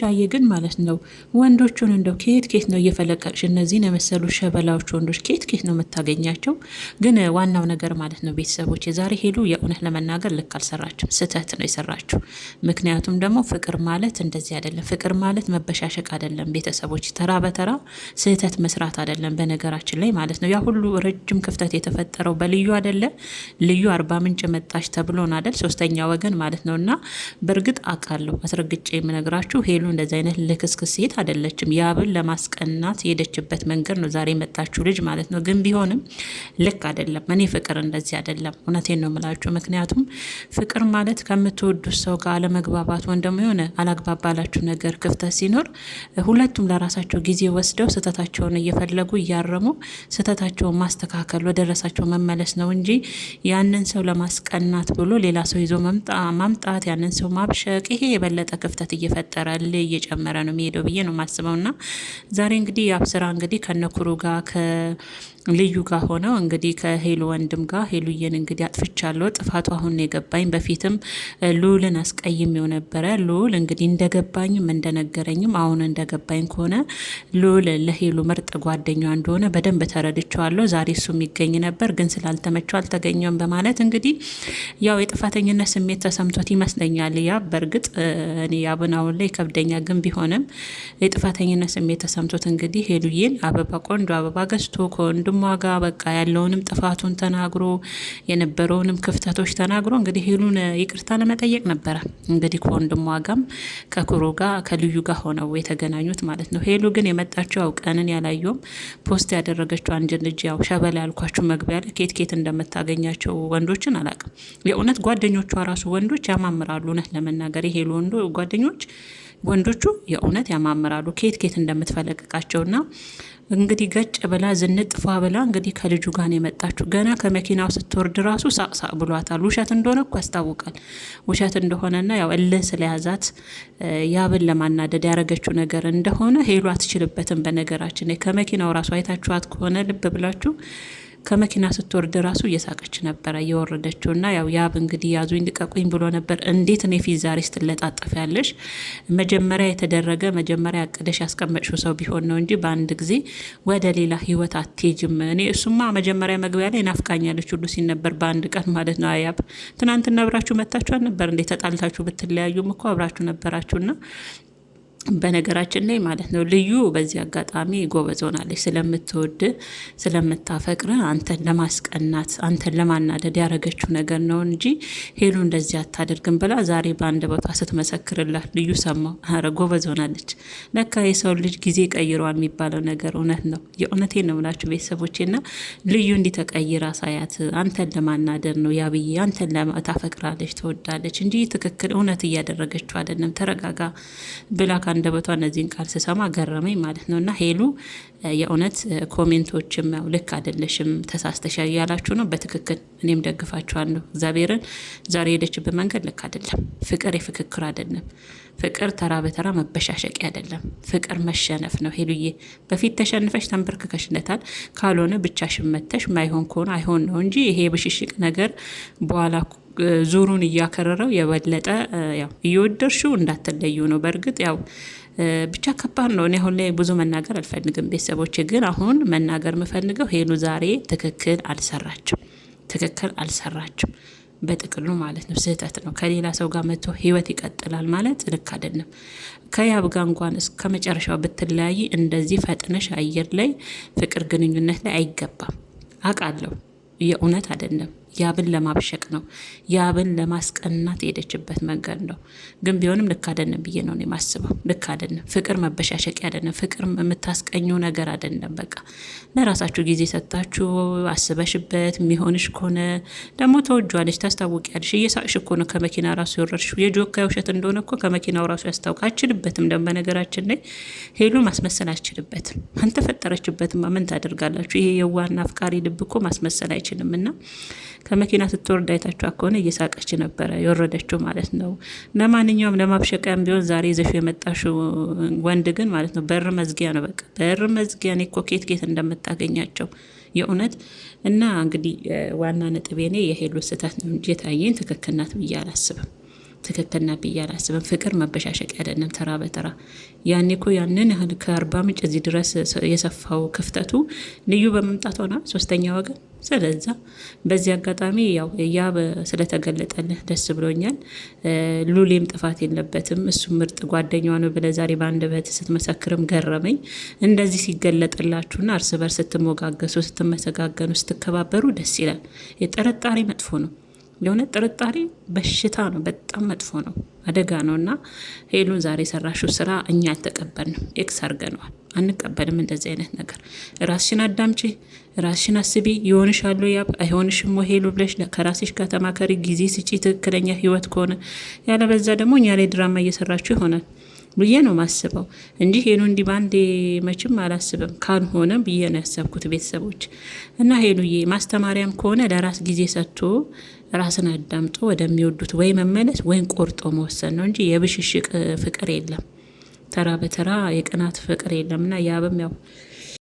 ሹሻዬ ግን ማለት ነው ወንዶቹን እንደው ኬት ኬት ነው እየፈለቀቅሽ? እነዚህን የመሰሉ ሸበላዎች ወንዶች ኬት ኬት ነው የምታገኛቸው? ግን ዋናው ነገር ማለት ነው ቤተሰቦች፣ የዛሬ ሄሉ የእውነት ለመናገር ልክ አልሰራችም፣ ስህተት ነው የሰራችው። ምክንያቱም ደግሞ ፍቅር ማለት እንደዚህ አይደለም። ፍቅር ማለት መበሻሸቅ አይደለም ቤተሰቦች፣ ተራ በተራ ስህተት መስራት አይደለም። በነገራችን ላይ ማለት ነው ያ ሁሉ ረጅም ክፍተት የተፈጠረው በልዩ አይደለ? ልዩ አርባ ምንጭ መጣች ተብሎን አይደል? ሶስተኛ ወገን ማለት ነው እና በእርግጥ አውቃለሁ አስረግጬ የምነግራችሁ ሄሉ እንደዚ አይነት ልክስክስ ሴት አይደለችም። ያብን ለማስቀናት የሄደችበት መንገድ ነው ዛሬ የመጣችው ልጅ ማለት ነው። ግን ቢሆንም ልክ አይደለም። እኔ ፍቅር እንደዚህ አይደለም፣ እውነቴን ነው የምላችሁ። ምክንያቱም ፍቅር ማለት ከምትወዱት ሰው ጋር አለመግባባት ወይም ደግሞ የሆነ አላግባባላችሁ ነገር ክፍተት ሲኖር ሁለቱም ለራሳቸው ጊዜ ወስደው ስህተታቸውን እየፈለጉ እያረሙ ስህተታቸውን ማስተካከል ወደረሳቸው መመለስ ነው እንጂ ያንን ሰው ለማስቀናት ብሎ ሌላ ሰው ይዞ ማምጣት፣ ያንን ሰው ማብሸቅ ይሄ የበለጠ ክፍተት እየፈጠረ ሁሌ እየጨመረ ነው የሚሄደው ብዬ ነው የማስበው። እና ዛሬ እንግዲህ የአብስራ እንግዲህ ከነኩሩ ጋር ልዩ ጋር ሆነው እንግዲህ ከሄሉ ወንድም ጋር ሄሉዬን እንግዲህ አጥፍቻለሁ፣ ጥፋቱ አሁን የገባኝ በፊትም ልዑልን አስቀይሜው ነበረ። ልዑል እንግዲህ እንደገባኝም እንደነገረኝም አሁን እንደገባኝ ከሆነ ልዑል ለሄሉ ምርጥ ጓደኛ እንደሆነ በደንብ ተረድቸዋለሁ። ዛሬ እሱ የሚገኝ ነበር፣ ግን ስላልተመቸው አልተገኘውም በማለት እንግዲህ ያው የጥፋተኝነት ስሜት ተሰምቶት ይመስለኛል። ያ በእርግጥ እኔ ያብን ላይ ከብደኛ፣ ግን ቢሆንም የጥፋተኝነት ስሜት ተሰምቶት እንግዲህ ሄሉዬን አበባ ቆንጆ አበባ ገዝቶ ከወንድሙ ዋጋ በቃ ያለውንም ጥፋቱን ተናግሮ የነበረውንም ክፍተቶች ተናግሮ እንግዲህ ሄሉን ይቅርታ ለመጠየቅ ነበረ እንግዲህ ከወንድሟ ጋም ከክሮ ጋር ከልዩ ጋር ሆነው የተገናኙት ማለት ነው። ሄሉ ግን የመጣችው ያው ቀንን ያላየውም ፖስት ያደረገችው አንድ ልጅ ያው ሸበላ ያልኳችሁ መግቢያ ላይ ኬት ኬት እንደምታገኛቸው ወንዶችን አላቅም። የእውነት ጓደኞቿ ራሱ ወንዶች ያማምራሉ። እውነት ለመናገር የሄሉ ወንዶ ጓደኞች ወንዶቹ የእውነት ያማምራሉ። ኬት ኬት እንደምትፈለቅቃቸውና እንግዲህ ገጭ ብላ ዝንጥፋ ብላ እንግዲህ ከልጁ ጋር ነው የመጣችሁ። ገና ከመኪናው ስትወርድ ራሱ ሳቅሳቅ ብሏታል። ውሸት እንደሆነ እኮ ያስታውቃል። ውሸት እንደሆነና ያው እልህ ስለያዛት ያብን ለማናደድ ያረገችው ነገር እንደሆነ ሄሉ አትችልበትም። በነገራችን ከመኪናው ራሱ አይታችኋት ከሆነ ልብ ብላችሁ ከመኪና ስትወርድ ራሱ እየሳቀች ነበረ እየወረደችው ና ያው ያብ እንግዲህ ያዙኝ ልቀቁኝ ብሎ ነበር። እንዴት እኔ ፊት ዛሬ ስትለጣጠፍ ያለሽ መጀመሪያ የተደረገ መጀመሪያ አቅደሽ ያስቀመጥሽው ሰው ቢሆን ነው እንጂ በአንድ ጊዜ ወደ ሌላ ህይወት አትሄጅም። እኔ እሱማ መጀመሪያ መግቢያ ላይ ናፍቃኛለች ሁሉ ሲል ነበር በአንድ ቀን ማለት ነው። አያብ ትናንትና አብራችሁ መታችሁ ነበር እንዴ? ተጣልታችሁ ብትለያዩም እኮ አብራችሁ ነበራችሁና በነገራችን ላይ ማለት ነው ልዩ በዚህ አጋጣሚ ጎበዝ ሆናለች። ስለምትወድ ስለምታፈቅር አንተን ለማስቀናት አንተን ለማናደድ ያደረገችው ነገር ነው እንጂ ሄሉ እንደዚህ አታደርግም ብላ ዛሬ በአንድ ቦታ ስትመሰክርላት ልዩ ሰማው። ኧረ ጎበዝ ሆናለች። ለካ የሰው ልጅ ጊዜ ቀይሯል የሚባለው ነገር እውነት ነው። የእውነቴ ነው ብላችሁ ቤተሰቦቼና ልዩ እንዲህ ሳያት አንተን ለማናደድ ነው ያብዬ አንተን ታፈቅራለች፣ ትወዳለች እንጂ ትክክል እውነት እያደረገችው አይደለም። ተረጋጋ ብላ ከአንደበቷ እነዚህን ቃል ስሰማ ገረመኝ ማለት ነው። እና ሄሉ የእውነት ኮሜንቶችም ያው ልክ አይደለሽም ተሳስተሻ እያላችሁ ነው። በትክክል እኔም ደግፋችኋለሁ። እግዚአብሔርን ዛሬ ሄደችበት መንገድ ልክ አይደለም። ፍቅር የፍክክር አይደለም። ፍቅር ተራ በተራ መበሻሸቂ አይደለም። ፍቅር መሸነፍ ነው። ሄሉዬ በፊት ተሸንፈሽ ተንበርክከሽለታል። ካልሆነ ብቻሽን መተሽ ማይሆን ከሆነ አይሆን ነው እንጂ ይሄ ብሽሽቅ ነገር በኋላ ዙሩን እያከረረው የበለጠ ያው እየወደድሽው እንዳትለዩ ነው። በእርግጥ ያው ብቻ ከባድ ነው። እኔ አሁን ላይ ብዙ መናገር አልፈልግም። ቤተሰቦች ግን አሁን መናገር የምፈልገው ሄሉ ዛሬ ትክክል አልሰራችም፣ ትክክል አልሰራችም። በጥቅሉ ማለት ነው ስህተት ነው። ከሌላ ሰው ጋር መጥቶ ህይወት ይቀጥላል ማለት ልክ አይደለም። ከያብ ጋር እንኳን እስከ መጨረሻው ብትለያይ እንደዚህ ፈጥነሽ አየር ላይ ፍቅር ግንኙነት ላይ አይገባም። አውቃለሁ፣ የእውነት አይደለም። ያብን ለማብሸቅ ነው፣ ያብን ለማስቀናት የሄደችበት መንገድ ነው። ግን ቢሆንም ልክ አይደለም ብዬ ነው የማስበው። ልክ አይደለም። ፍቅር መበሻሸቅ አይደለም። ፍቅር የምታስቀኙ ነገር አይደለም። በቃ ለራሳችሁ ጊዜ ሰጥታችሁ አስበሽበት የሚሆንሽ ከሆነ ደግሞ ተወጇለች፣ ታስታውቂያለሽ። እየሳቅሽ እኮ ነው ከመኪና ራሱ የወረድሽ። የጆካ ውሸት እንደሆነ እኮ ከመኪናው ራሱ ያስታውቅ አችልበትም። ደግሞ በነገራችን ላይ ሄሉ ማስመሰል አልችልበትም። አልተፈጠረችበትም። ምን ታደርጋላችሁ? ይሄ የዋና አፍቃሪ ልብ እኮ ማስመሰል አይችልም እና ከመኪና ስትወርድ አይታችኋት ከሆነ እየሳቀች ነበረ የወረደችው ማለት ነው። ለማንኛውም ለማብሸቀያም ቢሆን ዛሬ ይዘሽ የመጣሽው ወንድ ግን ማለት ነው በር መዝጊያ ነው። በቃ በር መዝጊያ። እኔ እኮ ኬት ኬት እንደምታገኛቸው የእውነት እና እንግዲህ ዋና ነጥቤ እኔ የሄሉ ስህተት ነው እንጂ የታየኝ ትክክል ናት ብዬ አላስብም። ትክክልና ብዬ አላስብም። ፍቅር መበሻሸቅ አይደለም። ተራ በተራ ያኔ ኮ ያንን ያህል ከአርባ ምንጭ እዚህ ድረስ የሰፋው ክፍተቱ ልዩ በመምጣት ሆና ሶስተኛ ወገን ስለዛ በዚህ አጋጣሚ ያው እያ ስለተገለጠልህ ደስ ብሎኛል። ሉሌም ጥፋት የለበትም። እሱ ምርጥ ጓደኛዋ ነው ብለህ ዛሬ በአንድ በት ስትመሰክርም ገረመኝ። እንደዚህ ሲገለጥላችሁና እርስ በርስ ስትሞጋገሱ፣ ስትመሰጋገኑ፣ ስትከባበሩ ደስ ይላል። የጠረጣሪ መጥፎ ነው። የሆነ ጥርጣሬ በሽታ ነው። በጣም መጥፎ ነው፣ አደጋ ነው። እና ሄሉን ዛሬ የሰራሽው ስራ እኛ አልተቀበልንም፣ ኤክስ አርገነዋል። አንቀበልም እንደዚህ አይነት ነገር። ራስሽን አዳምጪ፣ ራስሽን አስቢ። ይሆንሻል ያብ አይሆንሽም ወይ ሄሉ ብለሽ ከራስሽ ጋር ተማከሪ፣ ጊዜ ስጪ፣ ትክክለኛ ህይወት ከሆነ ያለበዛ ደግሞ እኛ ላይ ድራማ እየሰራችሁ ይሆናል። ብዬ ነው ማስበው እንዲህ ሄኑ እንዲህ ባንዴ መቼም አላስብም። ካልሆነ ብዬ ነው ያሰብኩት ቤተሰቦች እና ሄኑዬ ማስተማሪያም ከሆነ ለራስ ጊዜ ሰጥቶ ራስን አዳምጦ ወደሚወዱት ወይ መመለስ ወይም ቆርጦ መወሰን ነው እንጂ የብሽሽቅ ፍቅር የለም። ተራ በተራ የቅናት ፍቅር የለምና ያብም ያው